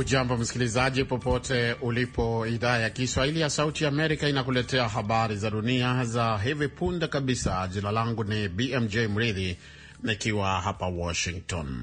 Hujambo msikilizaji, popote ulipo. Idhaa ya Kiswahili ya Sauti Amerika inakuletea habari za dunia za hivi punde kabisa. Jina langu ni BMJ Mridhi nikiwa hapa Washington.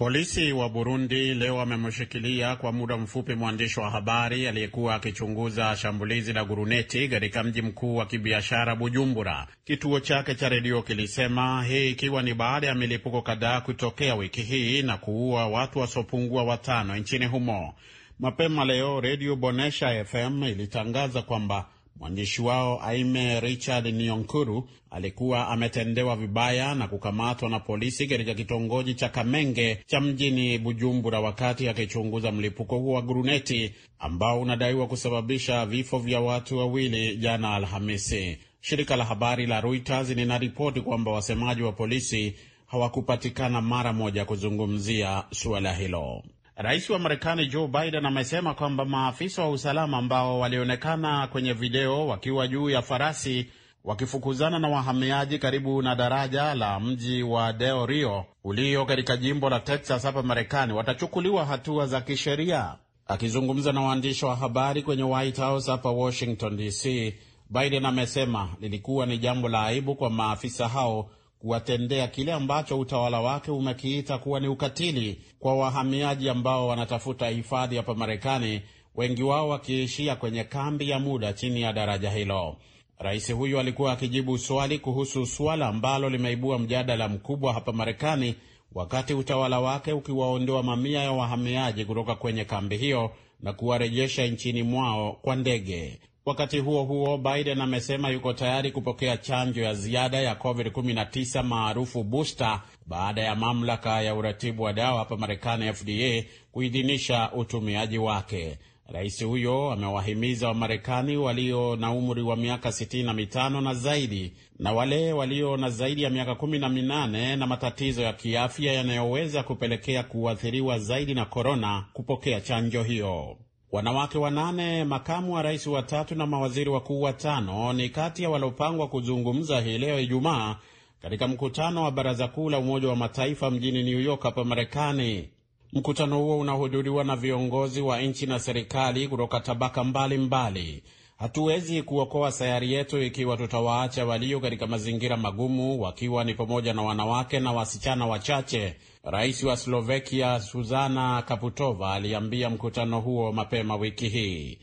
Polisi wa Burundi leo wamemshikilia kwa muda mfupi mwandishi wa habari aliyekuwa akichunguza shambulizi la guruneti katika mji mkuu wa kibiashara Bujumbura. Kituo chake cha redio kilisema, hii ikiwa ni baada ya milipuko kadhaa kutokea wiki hii na kuua watu wasiopungua watano nchini humo. Mapema leo redio Bonesha FM ilitangaza kwamba Mwandishi wao Aime Richard Nionkuru alikuwa ametendewa vibaya na kukamatwa na polisi katika kitongoji cha Kamenge cha mjini Bujumbura wakati akichunguza mlipuko huo wa guruneti ambao unadaiwa kusababisha vifo vya watu wawili jana Alhamisi. Shirika la habari la Reuters linaripoti kwamba wasemaji wa polisi hawakupatikana mara moja kuzungumzia suala hilo. Rais wa Marekani Joe Biden amesema kwamba maafisa wa usalama ambao walionekana kwenye video wakiwa juu ya farasi wakifukuzana na wahamiaji karibu na daraja la mji wa Del Rio ulio katika jimbo la Texas hapa Marekani watachukuliwa hatua za kisheria. Akizungumza na waandishi wa habari kwenye White House hapa Washington DC, Biden amesema lilikuwa ni jambo la aibu kwa maafisa hao kuwatendea kile ambacho utawala wake umekiita kuwa ni ukatili kwa wahamiaji ambao wanatafuta hifadhi hapa Marekani, wengi wao wakiishia kwenye kambi ya muda chini ya daraja hilo. Rais huyu alikuwa akijibu swali kuhusu suala ambalo limeibua mjadala mkubwa hapa Marekani, wakati utawala wake ukiwaondoa mamia ya wahamiaji kutoka kwenye kambi hiyo na kuwarejesha nchini mwao kwa ndege. Wakati huo huo, Biden amesema yuko tayari kupokea chanjo ya ziada ya COVID-19 maarufu booster baada ya mamlaka ya uratibu wa dawa hapa Marekani, FDA, kuidhinisha utumiaji wake. Rais huyo amewahimiza Wamarekani walio na umri wa miaka 65 na zaidi na wale walio na zaidi ya miaka 18 na matatizo ya kiafya yanayoweza kupelekea kuathiriwa zaidi na korona kupokea chanjo hiyo. Wanawake wanane, makamu wa rais watatu na mawaziri wakuu watano ni kati ya waliopangwa kuzungumza hii leo Ijumaa katika mkutano wa baraza kuu la Umoja wa Mataifa mjini New York hapa Marekani. Mkutano huo unahudhuriwa na viongozi wa nchi na serikali kutoka tabaka mbalimbali mbali. Hatuwezi kuokoa sayari yetu ikiwa tutawaacha walio katika mazingira magumu, wakiwa ni pamoja na wanawake na wasichana wachache, rais wa Slovakia Suzana Kaputova aliambia mkutano huo mapema wiki hii.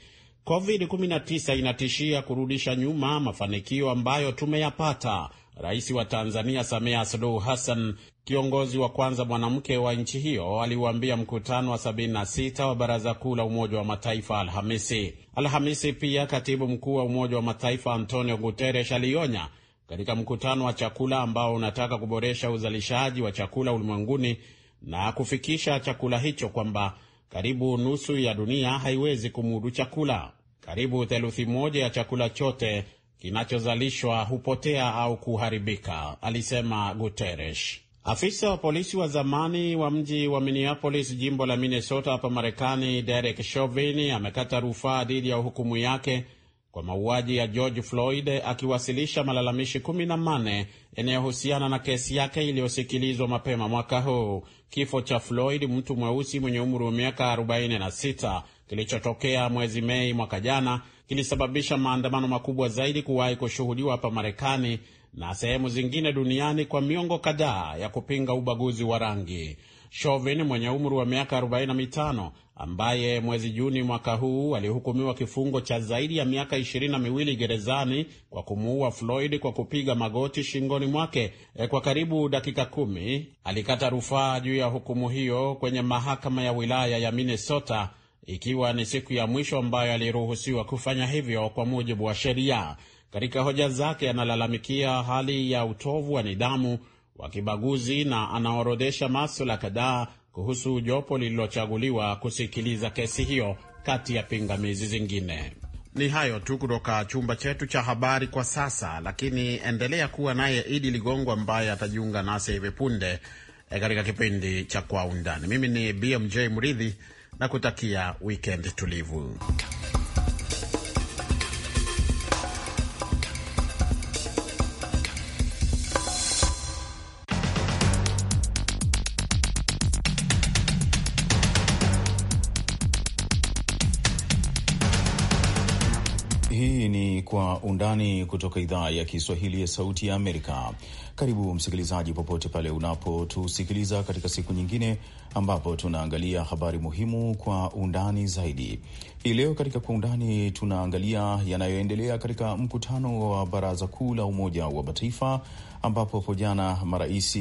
COVID-19 inatishia kurudisha nyuma mafanikio ambayo tumeyapata, rais wa Tanzania Samia Suluhu Hassan Kiongozi wa kwanza mwanamke wa nchi hiyo aliuambia mkutano wa 76 wa Baraza Kuu la Umoja wa Mataifa Alhamisi. Alhamisi pia katibu mkuu wa Umoja wa Mataifa Antonio Guterres alionya katika mkutano wa chakula ambao unataka kuboresha uzalishaji wa chakula ulimwenguni na kufikisha chakula hicho kwamba karibu nusu ya dunia haiwezi kumudu chakula. Karibu theluthi moja ya chakula chote kinachozalishwa hupotea au kuharibika, alisema Guterres. Afisa wa polisi wa zamani wa mji wa Minneapolis, jimbo la Minnesota hapa Marekani, Derek Chauvin amekata rufaa dhidi ya hukumu yake kwa mauaji ya George Floyd, akiwasilisha malalamishi kumi na manne yanayohusiana na kesi yake iliyosikilizwa mapema mwaka huu. Kifo cha Floyd, mtu mweusi mwenye umri wa miaka 46, kilichotokea mwezi Mei mwaka jana, kilisababisha maandamano makubwa zaidi kuwahi kushuhudiwa hapa Marekani na sehemu zingine duniani kwa miongo kadhaa ya kupinga ubaguzi wa rangi. Chauvin mwenye umri wa miaka 45 ambaye mwezi Juni mwaka huu alihukumiwa kifungo cha zaidi ya miaka ishirini na miwili gerezani kwa kumuua Floyd kwa kupiga magoti shingoni mwake e, kwa karibu dakika kumi alikata rufaa juu ya hukumu hiyo kwenye mahakama ya wilaya ya Minnesota, ikiwa ni siku ya mwisho ambayo aliruhusiwa kufanya hivyo kwa mujibu wa sheria katika hoja zake analalamikia hali ya utovu wa nidhamu wa kibaguzi na anaorodhesha maswala kadhaa kuhusu jopo lililochaguliwa kusikiliza kesi hiyo kati ya pingamizi zingine. Ni hayo tu kutoka chumba chetu cha habari kwa sasa, lakini endelea kuwa naye Idi Ligongo ambaye atajiunga nasi hivi punde e, katika kipindi cha Kwa Undani. Mimi ni BMJ mridhi na kutakia wikend tulivu. undani kutoka idhaa ya Kiswahili ya Sauti ya Amerika. Karibu msikilizaji, popote pale unapotusikiliza katika siku nyingine ambapo tunaangalia habari muhimu kwa undani zaidi. Hii leo katika kwa undani tunaangalia yanayoendelea katika mkutano wa Baraza Kuu la Umoja wa Mataifa ambapo hapo jana marais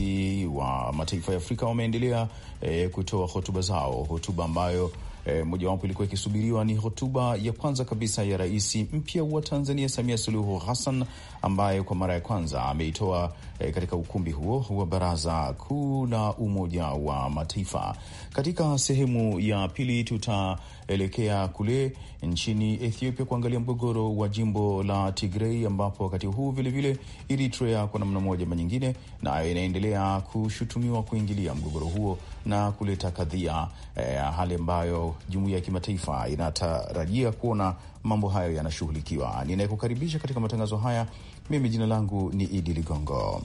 wa mataifa ya Afrika wameendelea e, kutoa hotuba zao, hotuba ambayo E, mojawapo ilikuwa ikisubiriwa ni hotuba ya kwanza kabisa ya rais mpya wa Tanzania Samia Suluhu Hassan ambaye kwa mara ya kwanza ameitoa e, katika ukumbi huo wa Baraza Kuu la Umoja wa Mataifa. Katika sehemu ya pili tuta kuelekea kule nchini Ethiopia kuangalia mgogoro wa jimbo la Tigrei, ambapo wakati huu vilevile Eritrea kwa namna moja ama nyingine nayo inaendelea kushutumiwa kuingilia mgogoro huo na kuleta kadhia eh, hali ambayo jumuiya ya kimataifa inatarajia kuona mambo hayo yanashughulikiwa. Ninayekukaribisha katika matangazo haya mimi, jina langu ni Idi Ligongo.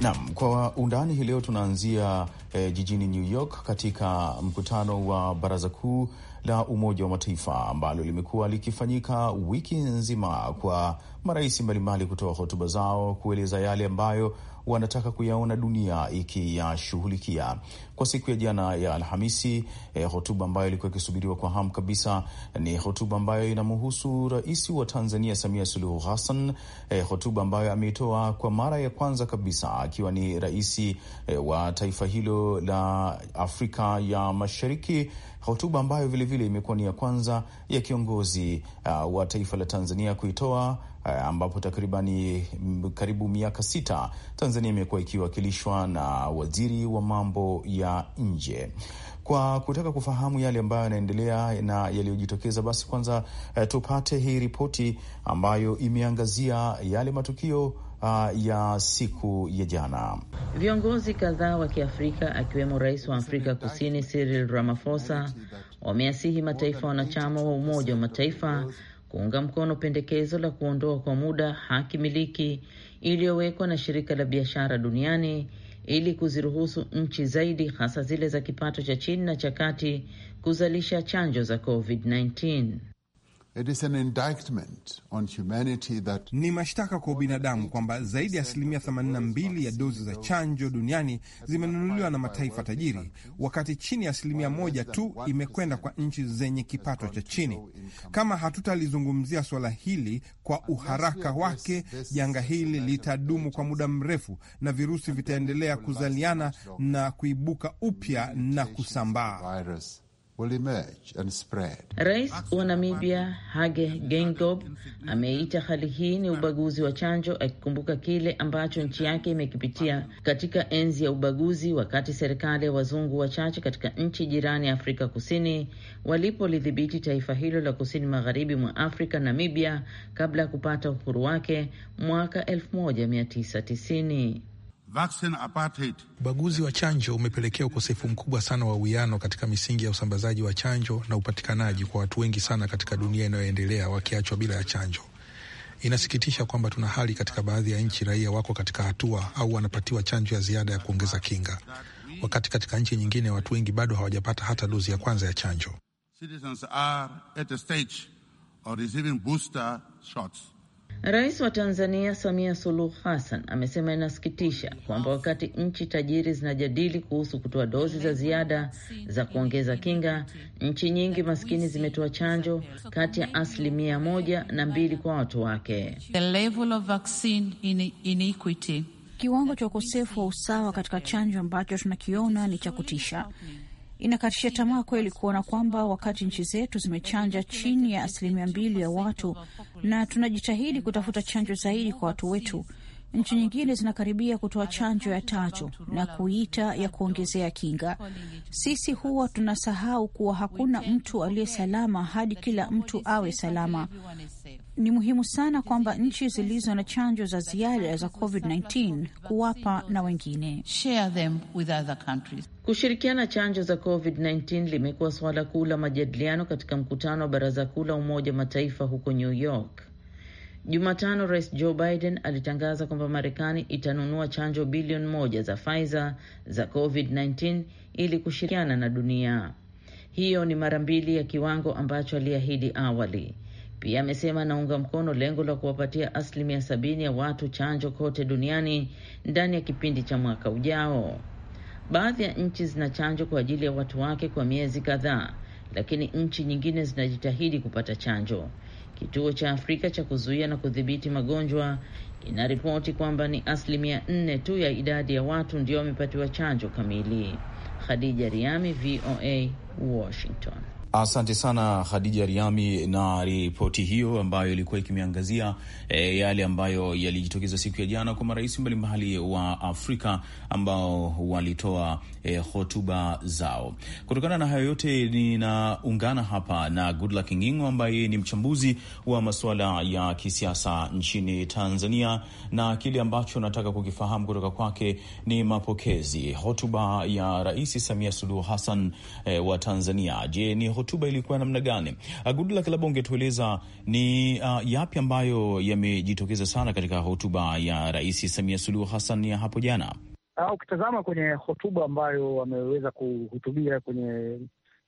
Naam, kwa undani hii leo tunaanzia eh, jijini New York katika mkutano wa Baraza Kuu la Umoja wa Mataifa ambalo limekuwa likifanyika wiki nzima kwa marais mbalimbali kutoa hotuba zao kueleza yale ambayo wanataka kuyaona dunia ikiyashughulikia. Kwa siku ya jana ya Alhamisi, eh, hotuba ambayo ilikuwa ikisubiriwa kwa hamu kabisa eh, ni hotuba ambayo inamhusu Rais wa Tanzania Samia Suluhu Hassan, eh, hotuba ambayo ameitoa kwa mara ya kwanza kabisa akiwa ni rais eh, wa taifa hilo la Afrika ya Mashariki, hotuba ambayo vilevile imekuwa ni ya kwanza ya kiongozi uh, wa taifa la Tanzania kuitoa Eh, ambapo takribani mm, karibu miaka sita Tanzania imekuwa ikiwakilishwa na waziri wa mambo ya nje. Kwa kutaka kufahamu yale ambayo yanaendelea na yaliyojitokeza, basi kwanza eh, tupate hii ripoti ambayo imeangazia yale matukio Uh, ya siku ya jana viongozi kadhaa wa Kiafrika akiwemo rais wa Afrika Kusini Cyril Ramaphosa wameasihi mataifa wanachama wa Umoja wa Mataifa kuunga mkono pendekezo la kuondoa kwa muda haki miliki iliyowekwa na shirika la biashara duniani ili kuziruhusu nchi zaidi hasa zile za kipato cha chini na cha kati kuzalisha chanjo za COVID-19. It is an indictment on humanity that... ni mashtaka kwa ubinadamu kwamba zaidi ya asilimia 82 ya dozi za chanjo duniani zimenunuliwa na mataifa tajiri, wakati chini ya asilimia moja tu imekwenda kwa nchi zenye kipato cha chini. Kama hatutalizungumzia suala hili kwa uharaka wake, janga hili litadumu kwa muda mrefu, na virusi vitaendelea kuzaliana na kuibuka upya na kusambaa will emerge and spread. Rais wa Namibia Hage Geingob ameita hali hii ni ubaguzi wa chanjo, akikumbuka kile ambacho nchi yake imekipitia katika enzi ya ubaguzi, wakati serikali ya wazungu wachache katika nchi jirani ya Afrika Kusini walipolidhibiti taifa hilo la kusini magharibi mwa Afrika, Namibia, kabla ya kupata uhuru wake mwaka 1990. Vaccine apartheid. Ubaguzi wa chanjo umepelekea ukosefu mkubwa sana wa uwiano katika misingi ya usambazaji wa chanjo na upatikanaji kwa watu wengi sana katika dunia inayoendelea wakiachwa bila ya chanjo. Inasikitisha kwamba tuna hali katika baadhi ya nchi, raia wako katika hatua au wanapatiwa chanjo ya ziada ya kuongeza kinga, wakati katika nchi nyingine watu wengi bado hawajapata hata dozi ya kwanza ya chanjo. Citizens are at a stage of receiving booster shots. Rais wa Tanzania Samia Suluhu Hassan amesema inasikitisha kwamba wakati nchi tajiri zinajadili kuhusu kutoa dozi za ziada za kuongeza kinga, nchi nyingi maskini zimetoa chanjo kati ya asilimia moja na mbili kwa watu wake. Kiwango cha ukosefu wa usawa katika chanjo ambacho tunakiona ni cha kutisha. Inakatisha tamaa kweli kuona kwamba wakati nchi zetu zimechanja chini ya asilimia mbili ya watu, na tunajitahidi kutafuta chanjo zaidi kwa watu wetu, nchi nyingine zinakaribia kutoa chanjo ya tatu na kuita ya kuongezea kinga. Sisi huwa tunasahau kuwa hakuna mtu aliye salama hadi kila mtu awe salama. Ni muhimu sana kwamba nchi zilizo na chanjo za ziada za COVID-19 kuwapa na wengine. Share them with other countries. Kushirikiana chanjo za COVID-19 limekuwa suala kuu la majadiliano katika mkutano wa baraza kuu la Umoja Mataifa huko New York. Jumatano, Rais Joe Biden alitangaza kwamba Marekani itanunua chanjo bilioni moja za Pfizer za COVID-19 ili kushirikiana na dunia. Hiyo ni mara mbili ya kiwango ambacho aliahidi awali. Pia amesema anaunga mkono lengo la kuwapatia asilimia sabini ya watu chanjo kote duniani ndani ya kipindi cha mwaka ujao. Baadhi ya nchi zina chanjo kwa ajili ya watu wake kwa miezi kadhaa, lakini nchi nyingine zinajitahidi kupata chanjo. Kituo cha Afrika cha kuzuia na kudhibiti magonjwa inaripoti kwamba ni asilimia nne tu ya idadi ya watu ndio wamepatiwa chanjo kamili. Khadija Riami, VOA, Washington. Asante sana Khadija Riami na ripoti hiyo ambayo ilikuwa ikimeangazia e, yale ambayo yalijitokeza siku ya jana kwa marais mbalimbali wa Afrika ambao walitoa e, hotuba zao. Kutokana na hayo yote, ninaungana hapa na Goodluck Ngingo ambaye ni mchambuzi wa masuala ya kisiasa nchini Tanzania, na kile ambacho nataka kukifahamu kutoka kwake ni mapokezi hotuba ya Rais Samia Suluhu Hassan e, wa Tanzania. Je, ni hotuba ilikuwa namna gani? Ah, Goodluck, labda ungetueleza ni uh, yapi ambayo yamejitokeza sana katika hotuba ya Rais Samia Suluhu Hassan ya hapo jana? Ah, ukitazama kwenye hotuba ambayo ameweza kuhutubia kwenye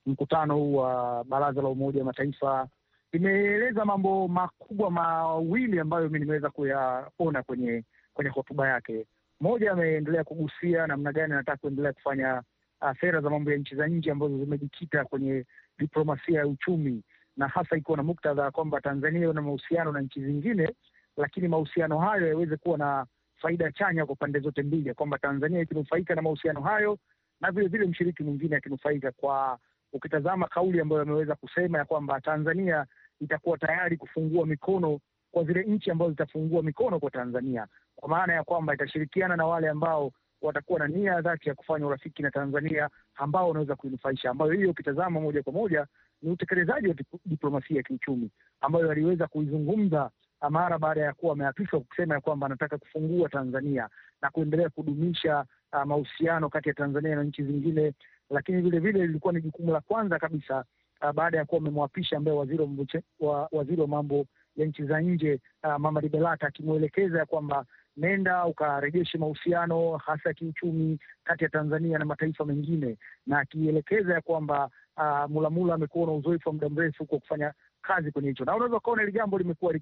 mkutano huu wa Baraza la Umoja wa Mataifa, imeeleza mambo makubwa mawili ambayo mi nimeweza kuyaona kwenye kwenye hotuba yake. Moja, ameendelea kugusia namna gani anataka kuendelea kufanya uh, sera za mambo ya nchi za nje ambazo zimejikita kwenye diplomasia ya uchumi, na hasa ikiwa na muktadha kwamba Tanzania ina mahusiano na nchi zingine, lakini mahusiano hayo yaweze kuwa na faida chanya kwa pande zote mbili, ya kwamba Tanzania ikinufaika na mahusiano hayo na vilevile mshiriki mwingine akinufaika. Kwa ukitazama kauli ambayo ameweza kusema ya kwamba Tanzania itakuwa tayari kufungua mikono kwa zile nchi ambazo zitafungua mikono kwa Tanzania, kwa maana ya kwamba itashirikiana na wale ambao watakuwa na nia dhati ya kufanya urafiki na Tanzania ambao wanaweza kuinufaisha, ambayo hiyo ukitazama moja kwa moja ni utekelezaji wa diplomasia ya kiuchumi ambayo aliweza kuizungumza mara baada ya kuwa ameapishwa kusema ya kwamba anataka kufungua Tanzania na kuendelea kudumisha uh, mahusiano kati ya Tanzania na nchi zingine, lakini vile vile lilikuwa ni jukumu la kwanza kabisa uh, baada ya kuwa amemwapisha ambaye waziri wa, waziri wa mambo ya nchi za nje uh, ah, Mama akimwelekeza ya kwamba nenda ukarejeshe mahusiano hasa ya kiuchumi kati ya Tanzania na mataifa mengine, na akielekeza ya kwamba uh, Mulamula amekuwa na uzoefu wa muda mrefu kwa kufanya kazi kwenye hicho, na unaweza ukaona hili jambo limekuwa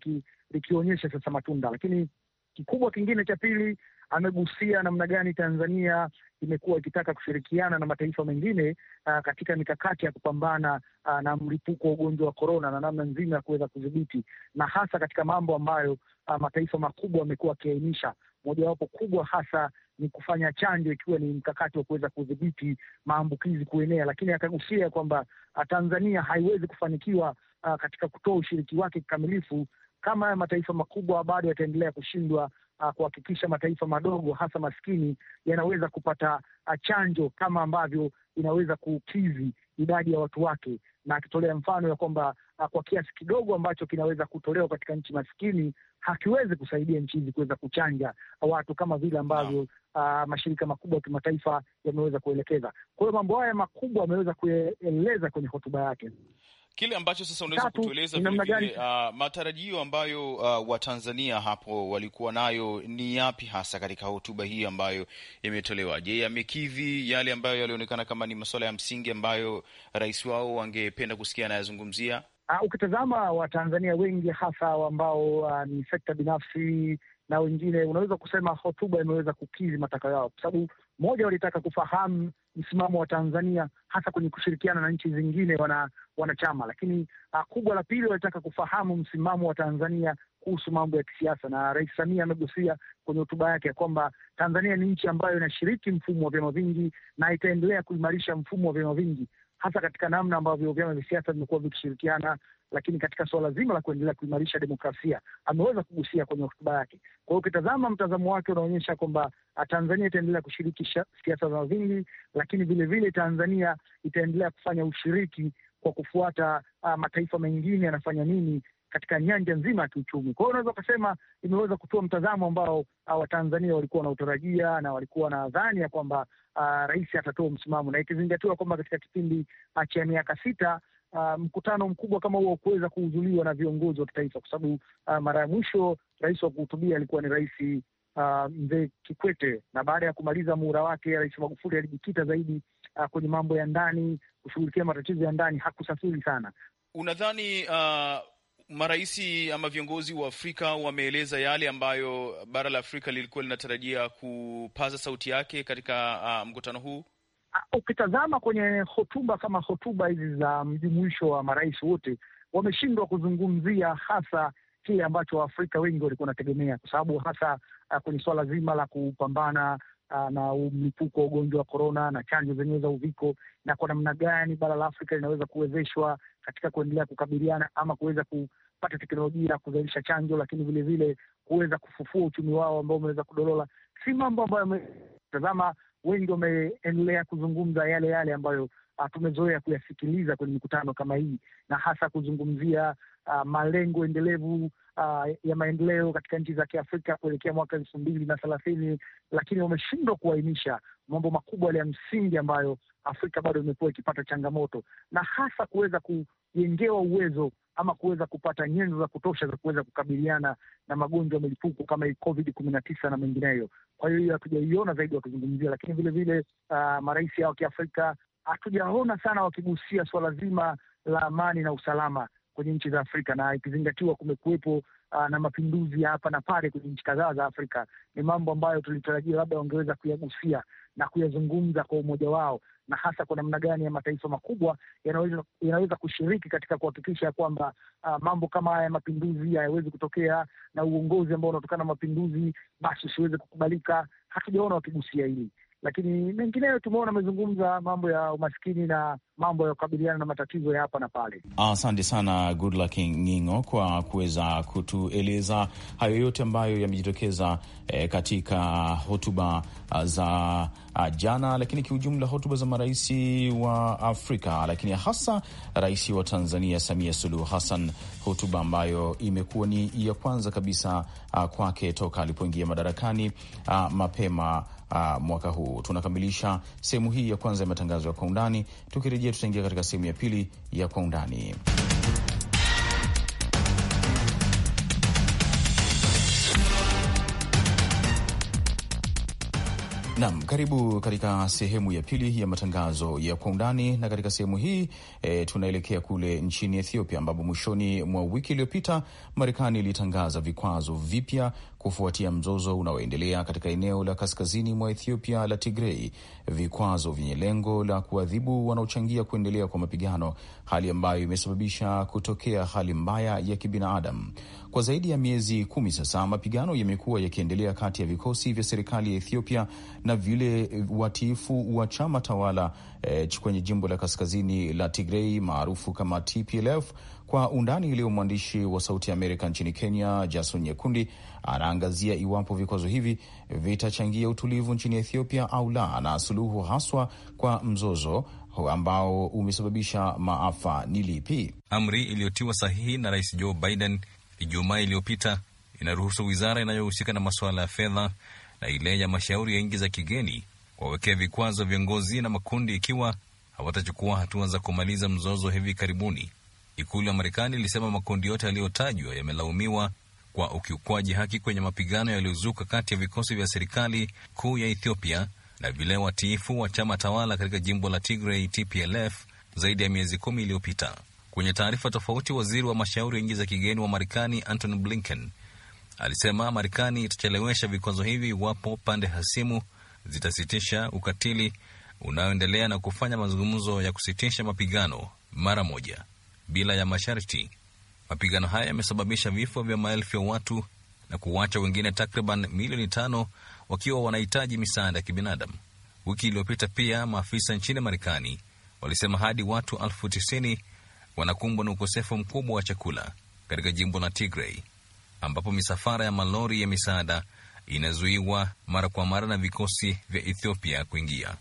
likionyesha sasa matunda. Lakini kikubwa kingine cha pili amegusia namna gani Tanzania imekuwa ikitaka kushirikiana na mataifa mengine uh, katika mikakati ya kupambana uh, na mlipuko wa ugonjwa wa korona na namna nzima ya kuweza kudhibiti, na hasa katika mambo ambayo uh, mataifa makubwa amekuwa akiainisha, mojawapo kubwa hasa ni kufanya chanjo, ikiwa ni mkakati wa kuweza kudhibiti maambukizi kuenea, lakini akagusia kwamba uh, Tanzania haiwezi kufanikiwa uh, katika kutoa ushiriki wake kikamilifu kama haya mataifa makubwa bado yataendelea kushindwa Ah, kuhakikisha mataifa madogo hasa maskini yanaweza kupata ah, chanjo kama ambavyo inaweza kukizi idadi ya watu wake, na akitolea mfano ya kwamba ah, kwa kiasi kidogo ambacho kinaweza kutolewa katika nchi maskini hakiwezi kusaidia nchi hizi kuweza kuchanja watu kama vile ambavyo uh, mashirika makubwa ya kimataifa yameweza kuelekeza. Kwa hiyo mambo haya makubwa ameweza kueleza kwenye hotuba yake. Kile ambacho sasa unaweza kutueleza uh, matarajio ambayo uh, ah, Watanzania hapo walikuwa nayo ni yapi hasa katika hotuba hii ambayo imetolewa? Je, yamekidhi yale ambayo yalionekana kama ni masuala ya msingi ambayo rais wao wangependa kusikia anayazungumzia? Uh, ukitazama Watanzania wengi hasa ambao uh, ni sekta binafsi na wengine, unaweza kusema hotuba imeweza kukidhi matakwa yao, kwa sababu moja, walitaka kufahamu msimamo wa Tanzania hasa kwenye kushirikiana na nchi zingine wana, wanachama. Lakini uh, kubwa la pili walitaka kufahamu msimamo wa Tanzania kuhusu mambo ya kisiasa, na Rais Samia amegusia kwenye hotuba yake ya kwamba Tanzania ni nchi ambayo inashiriki mfumo wa vyama vingi na itaendelea kuimarisha mfumo wa vyama vingi hasa katika namna ambavyo vyama vya siasa vimekuwa vikishirikiana, lakini katika suala zima la kuendelea kuimarisha demokrasia ameweza kugusia kwenye hotuba yake. Kwa hiyo ukitazama mtazamo wake unaonyesha kwamba ah, Tanzania itaendelea kushiriki siasa za vingi, lakini vilevile Tanzania itaendelea kufanya ushiriki kwa kufuata uh, mataifa mengine yanafanya nini katika nyanja nzima ya kiuchumi. Kwa hiyo unaweza ukasema imeweza kutoa mtazamo ambao ah, Watanzania walikuwa wanautarajia na walikuwa na dhani ya kwamba uh, rais atatoa msimamo, na ikizingatiwa kwamba katika kipindi uh, cha miaka sita Uh, mkutano mkubwa kama huo kuweza kuhudhuliwa na viongozi wa kitaifa, kwa sababu uh, mara ya mwisho rais wa kuhutubia alikuwa ni rais uh, mzee Kikwete, na baada ya kumaliza muhula wake rais Magufuli alijikita zaidi uh, kwenye mambo ya ndani, kushughulikia matatizo ya ndani, hakusafiri sana. Unadhani uh, Maraisi ama viongozi wa Afrika wameeleza yale ambayo bara la Afrika lilikuwa linatarajia kupaza sauti yake katika uh, mkutano huu. Ah, ukitazama kwenye hotuba kama hotuba hizi za mjumuisho wa marais wote wameshindwa kuzungumzia hasa kile ambacho Waafrika wengi walikuwa wanategemea, kwa sababu hasa uh, kwenye suala zima la kupambana Ah, na mlipuko wa ugonjwa wa korona na chanjo zenyewe za uviko, na kwa namna gani bara la Afrika linaweza kuwezeshwa katika kuendelea kukabiliana ama kuweza kupata teknolojia ya kuzalisha chanjo, lakini vilevile kuweza kufufua uchumi wao ambao umeweza kudolola. Si mambo ambayo ametazama, wengi wameendelea kuzungumza yale yale ambayo ah, tumezoea kuyasikiliza kwenye mikutano kama hii, na hasa kuzungumzia uh, malengo endelevu uh, ya maendeleo katika nchi za Kiafrika kuelekea mwaka elfu mbili na thelathini, lakini wameshindwa kuainisha mambo makubwa ya msingi ambayo Afrika bado imekuwa ikipata changamoto na hasa kuweza kujengewa uwezo ama kuweza kupata nyenzo za kutosha za kuweza kukabiliana na magonjwa ya milipuko kama hii Covid kumi na tisa na mengineyo. Kwa hiyo hiyo hatujaiona zaidi wakizungumzia, lakini vilevile uh, marais hao wa Kiafrika hatujaona sana wakigusia suala zima la amani na usalama kwenye nchi za Afrika na ikizingatiwa kumekuwepo uh, na mapinduzi hapa na pale kwenye nchi kadhaa za Afrika, ni mambo ambayo tulitarajia labda wangeweza kuyagusia na kuyazungumza kwa umoja wao, na hasa kwa namna gani ya mataifa makubwa yanaweza, yanaweza kushiriki katika kuhakikisha kwamba uh, mambo kama haya ya mapinduzi hayawezi kutokea na uongozi ambao unatokana na mapinduzi basi usiweze kukubalika. Hatujaona wakigusia hili lakini mengineyo tumeona amezungumza mambo ya umaskini na mambo ya kukabiliana na matatizo ya hapa na pale. Asante sana Goodluck Ngingo kwa kuweza kutueleza hayo yote ambayo yamejitokeza eh, katika hotuba ah, za uh, jana, lakini kiujumla hotuba za marais wa Afrika, lakini hasa rais wa Tanzania Samia Suluhu Hassan, hotuba ambayo imekuwa ni ya kwanza kabisa uh, kwake toka alipoingia madarakani uh, mapema uh, mwaka huu. Tunakamilisha sehemu hii ya kwanza ya matangazo ya kwa undani. Tukirejea tutaingia katika sehemu ya pili ya kwa undani. Naam, karibu katika sehemu ya pili ya matangazo ya kwa undani, na katika sehemu hii e, tunaelekea kule nchini Ethiopia ambapo mwishoni mwa wiki iliyopita Marekani ilitangaza vikwazo vipya kufuatia mzozo unaoendelea katika eneo la kaskazini mwa Ethiopia la Tigrei, vikwazo vyenye lengo la kuadhibu wanaochangia kuendelea kwa mapigano, hali ambayo imesababisha kutokea hali mbaya ya kibinadamu. Kwa zaidi ya miezi kumi sasa, mapigano yamekuwa yakiendelea kati ya vikosi vya serikali ya Ethiopia na na vile eh, watiifu wa chama tawala eh, kwenye jimbo la kaskazini la Tigrei maarufu kama TPLF. Kwa undani iliyo mwandishi wa Sauti ya Amerika nchini Kenya, Jason Nyekundi anaangazia iwapo vikwazo hivi vitachangia utulivu nchini Ethiopia au la, na suluhu haswa kwa mzozo ambao umesababisha maafa ni lipi? Amri iliyotiwa sahihi na Rais Joe Biden Ijumaa iliyopita inaruhusu wizara inayohusika na masuala ya fedha na ile ya mashauri ya nchi za kigeni kuwawekea vikwazo viongozi na makundi ikiwa hawatachukua hatua za kumaliza mzozo hivi karibuni. Ikulu ya Marekani ilisema makundi yote yaliyotajwa yamelaumiwa kwa ukiukwaji haki kwenye mapigano yaliyozuka kati ya vikosi vya serikali kuu ya Ethiopia na vile watiifu wa chama tawala katika jimbo la Tigray TPLF zaidi ya miezi kumi iliyopita. Kwenye taarifa tofauti, waziri wa mashauri ya nchi za kigeni wa Marekani Antony Blinken alisema Marekani itachelewesha vikwazo hivi iwapo pande hasimu zitasitisha ukatili unaoendelea na kufanya mazungumzo ya kusitisha mapigano mara moja bila ya masharti. Mapigano haya yamesababisha vifo vya maelfu ya watu na kuwacha wengine takriban milioni tano wakiwa wanahitaji misaada ya kibinadamu. Wiki iliyopita pia maafisa nchini Marekani walisema hadi watu elfu tisini wanakumbwa na ukosefu mkubwa wa chakula katika jimbo la Tigray ambapo misafara ya malori ya misaada inazuiwa mara kwa mara na vikosi vya Ethiopia kuingia.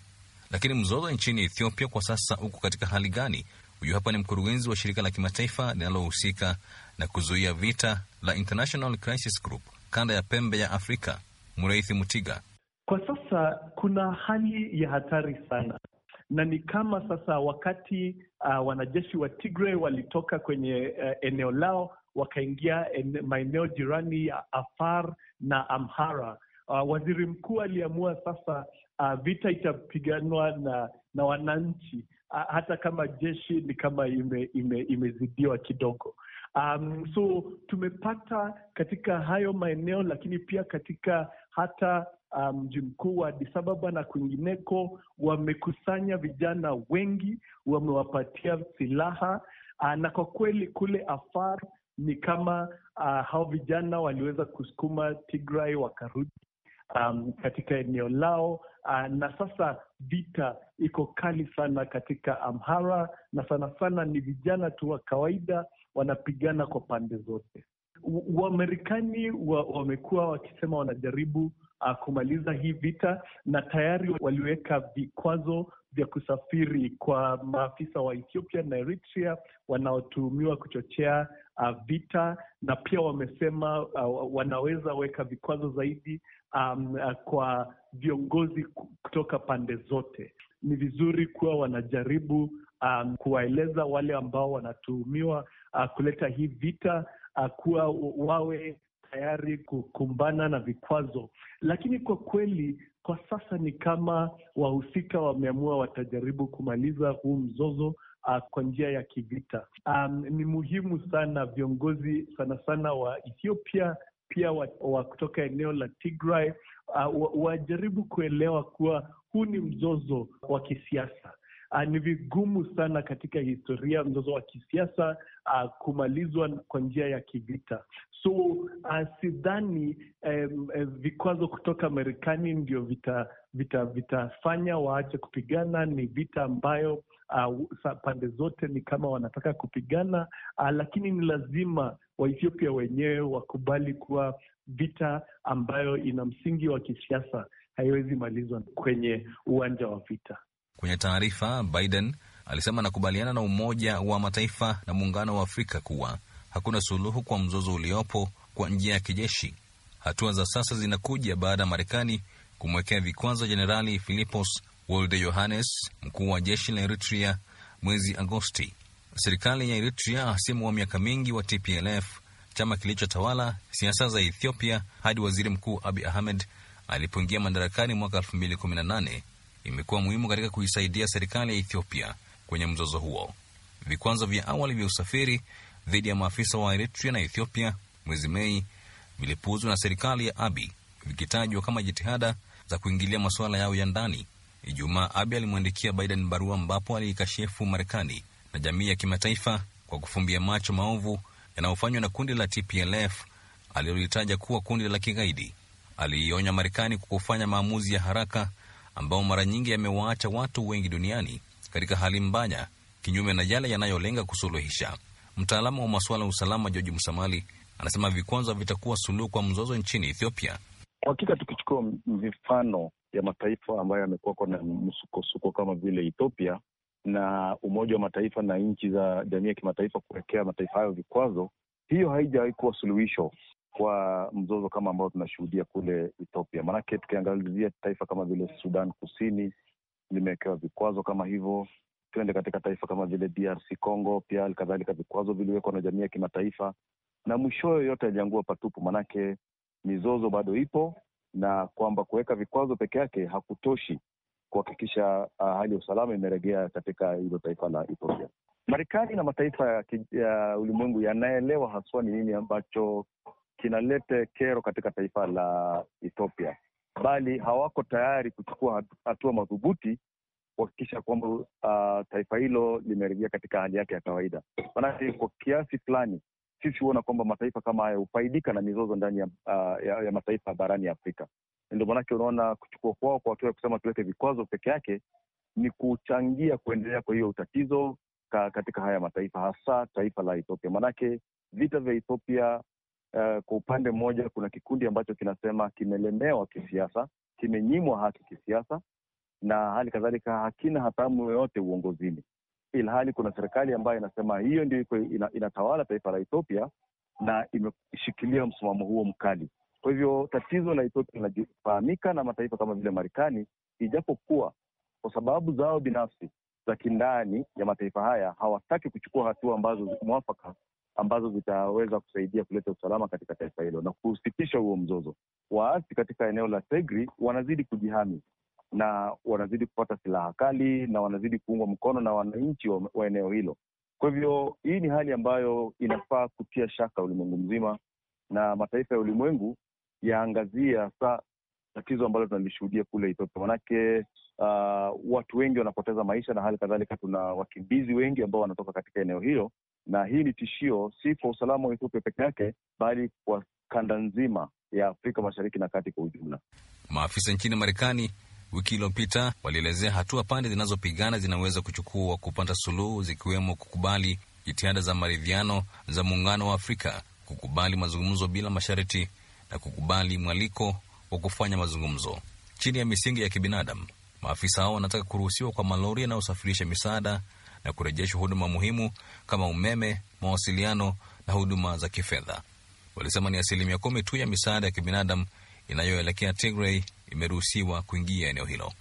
Lakini mzozo nchini Ethiopia kwa sasa uko katika hali gani? Huyu hapa ni mkurugenzi wa shirika la kimataifa linalohusika na kuzuia vita la International Crisis Group kanda ya pembe ya Afrika, mreithi Mutiga. Kwa sasa kuna hali ya hatari sana, na ni kama sasa wakati uh, wanajeshi wa Tigre walitoka kwenye uh, eneo lao wakaingia maeneo jirani ya Afar na Amhara. Uh, waziri mkuu aliamua sasa uh, vita itapiganwa na na wananchi uh, hata kama jeshi ni kama ime, ime, imezidiwa kidogo. Um, so tumepata katika hayo maeneo, lakini pia katika hata um, mji um, mkuu wa Addis Ababa na kwingineko, wamekusanya vijana wengi, wamewapatia silaha uh, na kwa kweli kule Afar ni kama uh, hao vijana waliweza kusukuma Tigray wakarudi um, katika eneo lao uh, na sasa vita iko kali sana katika Amhara na sana sana ni vijana tu wa kawaida wanapigana kwa pande zote. Wamarekani wamekuwa wakisema wanajaribu uh, kumaliza hii vita, na tayari waliweka vikwazo vya kusafiri kwa maafisa wa Ethiopia na Eritrea wanaotuhumiwa kuchochea uh, vita, na pia wamesema uh, wanaweza weka vikwazo zaidi um, uh, kwa viongozi kutoka pande zote. Ni vizuri kuwa wanajaribu um, kuwaeleza wale ambao wanatuhumiwa uh, kuleta hii vita uh, kuwa wawe tayari kukumbana na vikwazo, lakini kwa kweli kwa sasa ni kama wahusika wameamua watajaribu kumaliza huu mzozo uh, kwa njia ya kivita. Um, ni muhimu sana viongozi sana sana wa Ethiopia pia wa, wa kutoka eneo la Tigray uh, wajaribu kuelewa kuwa huu ni mzozo wa kisiasa uh, ni vigumu sana katika historia mzozo wa kisiasa uh, kumalizwa kwa njia ya kivita. So uh, sidhani um, vikwazo kutoka Marekani ndio vita vitafanya vita waache kupigana. Ni vita ambayo uh, pande zote ni kama wanataka kupigana uh, lakini ni lazima Waethiopia wenyewe wakubali kuwa vita ambayo ina msingi wa kisiasa haiwezi malizwa kwenye uwanja wa vita. Kwenye taarifa, Biden alisema anakubaliana na Umoja wa Mataifa na Muungano wa Afrika kuwa hakuna suluhu kwa mzozo uliopo kwa njia ya kijeshi. Hatua za sasa zinakuja baada ya Marekani kumwekea vikwazo Jenerali Philipos Wolde Yohannes, mkuu wa jeshi la Eritrea, mwezi Agosti. Serikali ya Eritrea, hasimu wa miaka mingi wa TPLF, chama kilichotawala siasa za Ethiopia hadi waziri mkuu Abi Ahmed alipoingia madarakani mwaka imekuwa muhimu katika kuisaidia serikali ya Ethiopia kwenye mzozo huo. Vikwazo vya awali vya usafiri dhidi ya maafisa wa Eritrea na Ethiopia mwezi Mei vilipuuzwa na serikali ya Abi, vikitajwa kama jitihada za kuingilia masuala yao ya ndani. Ijumaa, Abi alimwandikia Biden barua ambapo aliikashifu Marekani na jamii ya kimataifa kwa kufumbia macho maovu yanayofanywa na kundi la TPLF alilolitaja kuwa kundi la kigaidi. Aliionya Marekani kwa kufanya maamuzi ya haraka ambao mara nyingi yamewaacha watu wengi duniani katika hali mbaya, kinyume na yale yanayolenga kusuluhisha. Mtaalamu wa masuala ya usalama George msamali anasema vikwazo vitakuwa suluhu kwa mzozo nchini Ethiopia. Kwa hakika tukichukua mifano ya mataifa ambayo yamekuwako na msukosuko kama vile Ethiopia na Umoja wa Mataifa na nchi za jamii ya kimataifa kuwekea mataifa hayo vikwazo, hiyo haijawahi kuwa suluhisho kwa mzozo kama ambao tunashuhudia kule Ethiopia. Maanake tukiangalizia taifa kama vile Sudan Kusini limewekewa vikwazo kama hivyo, tuende katika taifa kama vile DRC Congo, pia halikadhalika vikwazo viliwekwa na jamii ya kimataifa, na mwisho yoyote aliangua patupu, maanake mizozo bado ipo, na kwamba kuweka vikwazo peke yake hakutoshi kuhakikisha uh, hali ya usalama imeregea katika hilo taifa la Ethiopia. Marekani na mataifa ya, ya ulimwengu yanaelewa haswa ni nini ambacho kinalete kero katika taifa la Ethiopia, bali hawako tayari kuchukua hatua madhubuti kuhakikisha kwamba uh, taifa hilo limerejea katika hali yake ya kawaida. Maanake kwa kiasi fulani sisi huona kwamba mataifa kama haya hufaidika na mizozo ndani ya, uh, ya, ya mataifa barani ya Afrika. Ndio maanake unaona kuchukua kwao kwa hatua ya kusema tuweke vikwazo peke yake ni kuchangia kuendelea kwa hiyo utatizo ka, katika haya mataifa hasa taifa la Ethiopia. Maanake vita vya Ethiopia uh, kwa upande mmoja kuna kikundi ambacho kinasema kimelemewa kisiasa, kimenyimwa haki kisiasa, na hali kadhalika hakina hatamu yoyote uongozini, ilhali kuna serikali ambayo inasema hiyo ndio ina, inatawala taifa la Ethiopia na imeshikilia msimamo huo mkali. Kwa hivyo tatizo la Ethiopia linajifahamika na mataifa kama vile Marekani, ijapokuwa kwa sababu zao binafsi za kindani ya mataifa haya hawataki kuchukua hatua ambazo mwafaka ambazo zitaweza kusaidia kuleta usalama katika taifa hilo na kusitisha huo mzozo. Waasi katika eneo la Tigray wanazidi kujihami na wanazidi kupata silaha kali na wanazidi kuungwa mkono na wananchi wa, wa eneo hilo. Kwa hivyo hii ni hali ambayo inafaa kutia shaka ulimwengu mzima, na mataifa ya ulimwengu yaangazie hasa tatizo ambalo tunalishuhudia kule Ethiopia, manake uh, watu wengi wanapoteza maisha na hali kadhalika, tuna wakimbizi wengi ambao wanatoka katika eneo hilo na hii ni tishio si kwa usalama wa Ethiopia peke yake, bali kwa kanda nzima ya Afrika Mashariki na Kati kwa ujumla. Maafisa nchini Marekani wiki iliyopita walielezea hatua pande zinazopigana zinaweza kuchukua kupata suluhu, zikiwemo kukubali jitihada za maridhiano za Muungano wa Afrika, kukubali mazungumzo bila masharti na kukubali mwaliko wa kufanya mazungumzo chini ya misingi ya kibinadamu. Maafisa hao wanataka kuruhusiwa kwa malori yanayosafirisha misaada na kurejesha huduma muhimu kama umeme, mawasiliano na huduma za kifedha. Walisema ni asilimia kumi tu ya misaada ya kibinadamu inayoelekea Tigray imeruhusiwa kuingia eneo hilo.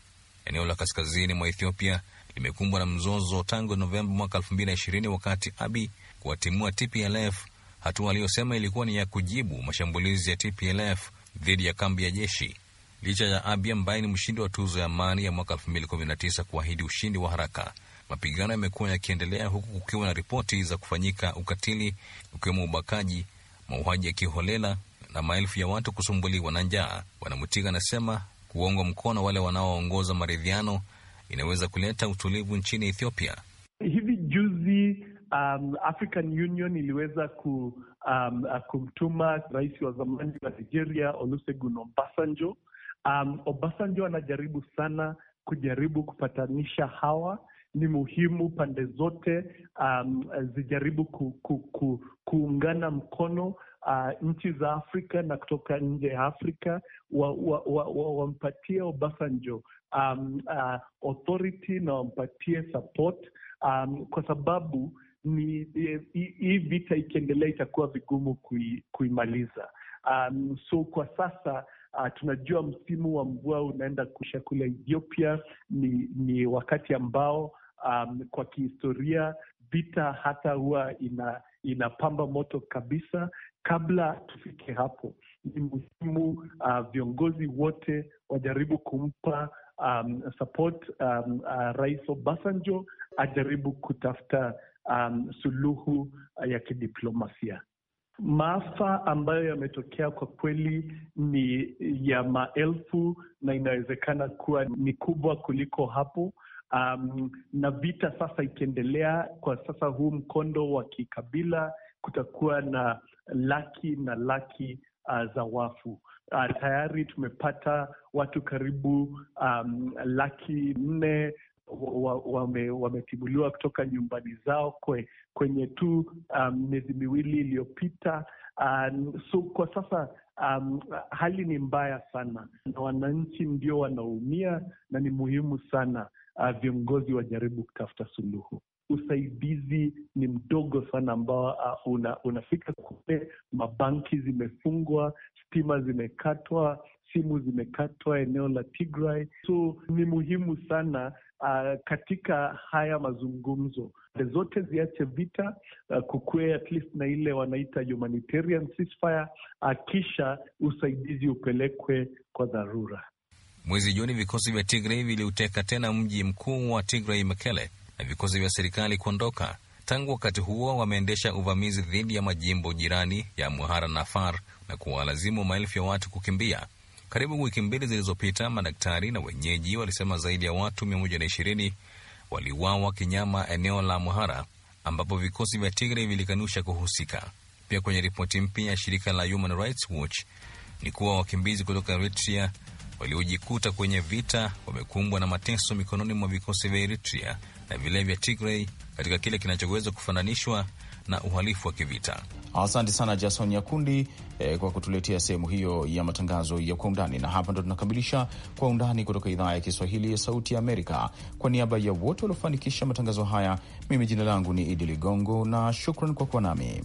Eneo la kaskazini mwa Ethiopia limekumbwa na mzozo tangu Novemba mwaka elfu mbili na ishirini wakati Abi kuwatimua TPLF, hatua aliyosema ilikuwa ni ya kujibu mashambulizi ya TPLF dhidi ya kambi ya jeshi. Licha ya Abi ambaye ni mshindi wa tuzo ya amani ya mwaka elfu mbili kumi na tisa kuahidi ushindi wa haraka Mapigano yamekuwa yakiendelea huku kukiwa na ripoti za kufanyika ukatili, ukiwemo ubakaji, mauaji ya kiholela na maelfu ya watu kusumbuliwa na njaa. Wanamutiga anasema kuongwa mkono wale wanaoongoza maridhiano inaweza kuleta utulivu nchini Ethiopia. Hivi juzi um, African Union iliweza ku, um, kumtuma rais wa zamani wa Nigeria Olusegun Obasanjo. Um, Obasanjo anajaribu sana kujaribu kupatanisha hawa ni muhimu pande zote um, zijaribu ku, ku, ku, kuungana mkono uh, nchi za Afrika na kutoka nje ya Afrika wampatie wa, wa, wa, wa Obasanjo um, uh, authority na wampatie support um, kwa sababu ni hii vita ikiendelea itakuwa vigumu kui, kuimaliza. Um, so kwa sasa uh, tunajua msimu wa mvua unaenda kuisha kule Ethiopia. Ni, ni wakati ambao um, kwa kihistoria vita hata huwa ina inapamba moto kabisa. Kabla tufike hapo, ni muhimu uh, viongozi wote wajaribu kumpa um, support um, uh, Rais Obasanjo ajaribu kutafuta um, suluhu uh, ya kidiplomasia. Maafa ambayo yametokea kwa kweli ni ya maelfu na inawezekana kuwa ni kubwa kuliko hapo um, na vita sasa ikiendelea kwa sasa, huu mkondo wa kikabila, kutakuwa na laki na laki uh, za wafu. Uh, tayari tumepata watu karibu um, laki nne wametimuliwa wame kutoka nyumbani zao kwe, kwenye tu um, miezi um, miwili iliyopita. Um, so kwa sasa um, hali ni mbaya sana na wananchi ndio wanaumia, na ni muhimu sana uh, viongozi wajaribu kutafuta suluhu. Usaidizi ni mdogo sana ambao uh, una, unafika kule. Mabanki zimefungwa, stima zimekatwa, simu zimekatwa eneo la Tigray. So ni muhimu sana uh, katika haya mazungumzo pande zote ziache vita uh, kukue at least na ile wanaita humanitarian ceasefire, uh, kisha usaidizi upelekwe kwa dharura. Mwezi Juni vikosi vya tigrei viliuteka tena mji mkuu wa tigrey Mekele, na vikosi vya serikali kuondoka. Tangu wakati huo wameendesha uvamizi dhidi ya majimbo jirani ya Amhara na Afar na kuwalazimu maelfu ya watu kukimbia. Karibu wiki mbili zilizopita, madaktari na wenyeji walisema zaidi ya watu 120 waliuawa kinyama eneo la Amhara ambapo vikosi vya tigrei vilikanusha kuhusika. Pia kwenye ripoti mpya ya shirika la Human Rights Watch ni kuwa wakimbizi kutoka Eritrea waliojikuta kwenye vita wamekumbwa na mateso mikononi mwa vikosi vya Eritrea na vile vya Tigray katika kile kinachoweza kufananishwa na uhalifu wa kivita. Asante sana Jason Nyakundi eh, kwa kutuletea sehemu hiyo ya matangazo ya Kwa Undani, na hapa ndo tunakamilisha Kwa Undani kutoka idhaa ya Kiswahili ya Sauti ya Amerika. Kwa niaba ya wote waliofanikisha matangazo haya, mimi jina langu ni Idi Ligongo na shukran kwa kuwa nami.